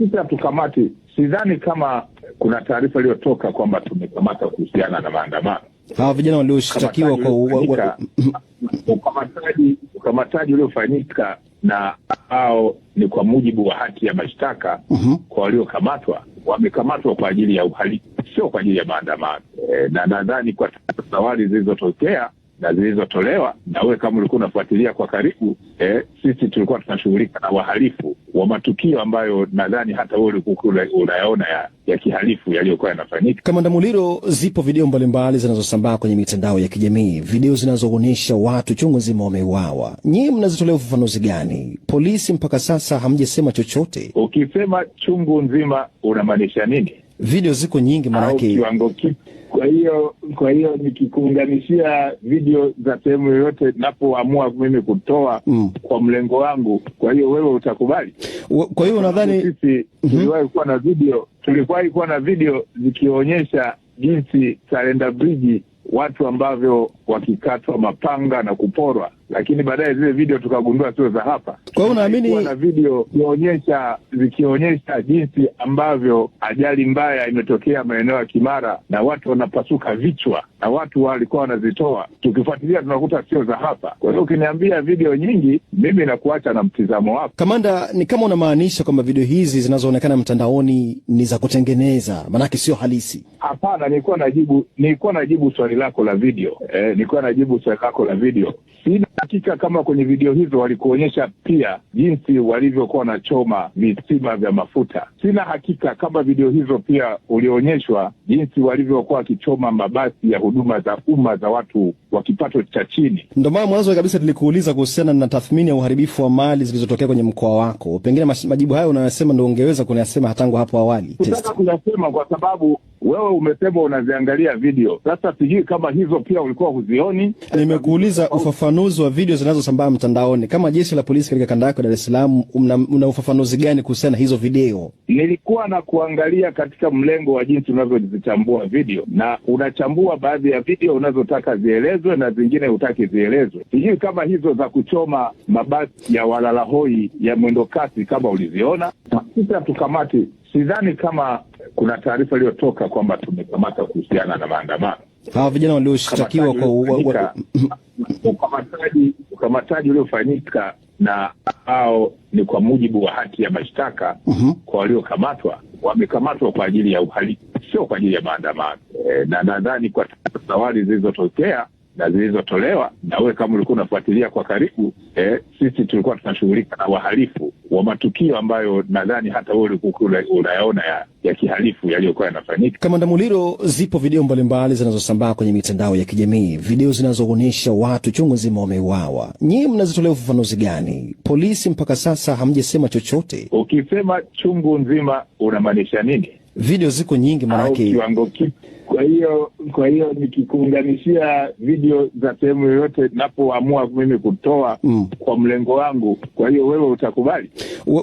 sisi hatukamati, sidhani kama kuna taarifa iliyotoka kwamba tumekamata kuhusiana na maandamano. Hawa vijana walioshtakiwa kwa ukamataji ukamataji uliofanyika na ambao ni kwa mujibu wa hati ya mashtaka. uh mhm. -huh. Kwa waliokamatwa wamekamatwa kwa ajili ya uhalifu, sio kwa ajili ya maandamano. E, na nadhani kwa tawali zilizotokea na zilizotolewa na wewe kama ulikuwa unafuatilia kwa karibu eh, sisi tulikuwa tunashughulika na wahalifu wa matukio ambayo nadhani hata wewe ulikuwa unayaona ya, ya kihalifu yaliyokuwa yanafanyika. Kamanda Muliro, zipo video mbalimbali zinazosambaa kwenye mitandao ya kijamii, video zinazoonyesha watu chungu nzima wameuawa. Nyie mnazitolea ufafanuzi gani? Polisi mpaka sasa hamjasema chochote. Ukisema chungu nzima unamaanisha nini? video ziko nyingi manake kiwango kwa hiyo kwa hiyo nikikuunganishia video za sehemu yoyote napoamua mimi kutoa mm. kwa mlengo wangu, kwa hiyo wewe utakubali. Kwa hiyo unadhani sisi mm -hmm. tuliwahi kuwa na video tuliwahi kuwa na video zikionyesha jinsi Salenda Bridge watu ambavyo wakikatwa mapanga na kuporwa lakini baadaye zile video tukagundua sio za hapa. Kwa hiyo unaamini na video zikionyesha zikionyesha jinsi ambavyo ajali mbaya imetokea maeneo ya Kimara na watu wanapasuka vichwa na watu walikuwa wanazitoa, tukifuatilia tunakuta sio za hapa. Kwa hiyo ukiniambia video nyingi, mimi nakuacha na mtizamo wako. Kamanda, ni kama unamaanisha kwamba video hizi zinazoonekana mtandaoni ni za kutengeneza, maanake sio halisi? Hapana, nilikuwa najibu nilikuwa najibu swali lako la video eh, nilikuwa najibu swali lako la video sina Hakika kama kwenye video hizo walikuonyesha pia jinsi walivyokuwa wanachoma visima vya mafuta. Sina hakika kama video hizo pia ulionyeshwa jinsi walivyokuwa wakichoma mabasi ya huduma za umma za watu wa kipato cha chini. Ndio maana mwanzo kabisa nilikuuliza kuhusiana na tathmini ya uharibifu wa mali zilizotokea kwenye mkoa wako. Pengine majibu hayo unayosema ndio ungeweza kunayasema tangu hapo awali. Nataka kuyasema kwa sababu wewe umesema unaziangalia video. Sasa sijui kama hizo pia ulikuwa huzioni. Nimekuuliza ufafanuzi wa video zinazosambaa mtandaoni, kama jeshi la polisi katika kanda yako Dar es Salaam, una, una ufafanuzi gani kuhusiana na hizo video? Nilikuwa na kuangalia katika mlengo wa jinsi unavyozichambua video na unachambua baadhi ya video unazotaka zieleze zielezwe na zingine hutaki zielezwe. Sijui kama hizo za kuchoma mabasi ya walalahoi ya mwendo kasi kama uliziona. Sisi hatukamati, sidhani kama kuna taarifa iliyotoka kwamba tumekamata kuhusiana na maandamano. Hawa vijana walioshtakiwa kwa ukamataji ukamataji uliofanyika na hao ni kwa mujibu wa hati ya mashtaka. uh mhm. -huh. Kwa waliokamatwa wamekamatwa kwa ajili ya uhalifu, sio kwa ajili ya maandamano. E, na nadhani kwa tawali zilizotokea na zilizotolewa, na wewe kama ulikuwa unafuatilia kwa karibu eh, sisi tulikuwa tunashughulika na wahalifu wa matukio ambayo nadhani hata wewe ulikuwa unayaona ya, ya kihalifu yaliyokuwa yanafanyika. Kamanda Muliro, zipo video mbalimbali zinazosambaa kwenye mitandao ya kijamii, video zinazoonyesha watu chungu nzima wameuawa. Nyinyi mnazitolea ufafanuzi gani? Polisi mpaka sasa hamjasema chochote. Ukisema chungu nzima unamaanisha nini? video ziko nyingi manake kiwango kipi? Kwa hiyo kwa hiyo nikikuunganishia video za sehemu yoyote napoamua mimi kutoa mm. kwa mlengo wangu, kwa hiyo wewe utakubali.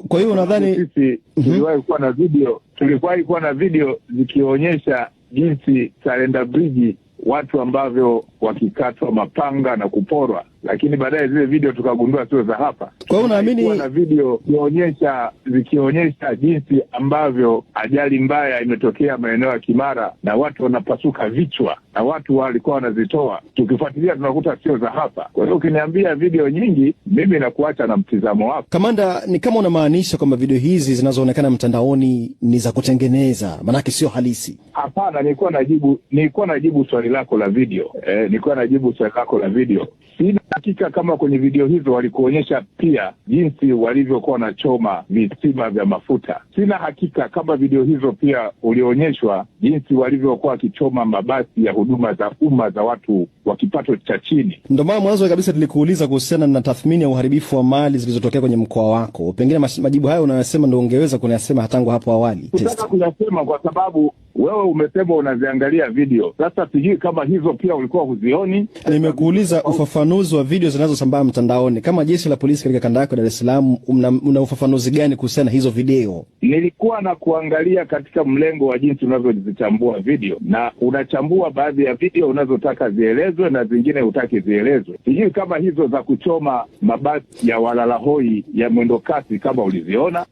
Kwa hiyo unadhani sisi mhm. tuliwahi kuwa na video, tuliwahi kuwa na video zikionyesha jinsi Salenda Bridge watu ambavyo wakikatwa mapanga na kuporwa, lakini baadaye zile video tukagundua sio za hapa. Kwa hiyo unaamini na video zikionyesha zikionyesha jinsi ambavyo ajali mbaya imetokea maeneo ya Kimara na watu wanapasuka vichwa na watu walikuwa wanazitoa, tukifuatilia tunakuta sio za hapa. Kwa hiyo ukiniambia video nyingi, mimi nakuacha na mtizamo wako. Kamanda, ni kama unamaanisha kwamba video hizi zinazoonekana mtandaoni ni za kutengeneza, maanake sio halisi? Hapana, nilikuwa najibu nilikuwa najibu swali lako la video eh, nilikuwa najibu swali lako la video. Sina hakika kama kwenye video hizo walikuonyesha pia jinsi walivyokuwa wanachoma visima vya mafuta. Sina hakika kama video hizo pia ulionyeshwa jinsi walivyokuwa wakichoma mabasi ya huduma za umma za watu wa kipato cha chini. Ndio maana mwanzo kabisa nilikuuliza kuhusiana na tathmini ya uharibifu wa mali zilizotokea kwenye mkoa wako. Pengine majibu hayo unayosema ndio ungeweza kunayasema tangu hapo awali. Nataka kuyasema kwa sababu wewe umesema unaziangalia video. Sasa sijui kama hizo pia ulikuwa huzioni. Nimekuuliza ufafanuzi wa video zinazosambaa mtandaoni, kama jeshi la polisi katika kanda yako Dar es Salaam, una ufafanuzi gani kuhusiana na hizo video? Nilikuwa na kuangalia katika mlengo wa jinsi unavyozichambua video, na unachambua baadhi ya video unazotaka zieleze zielezwe na zingine hutaki zielezwe. Sijui kama hizo za kuchoma mabasi ya walalahoi ya mwendo kasi kama uliziona.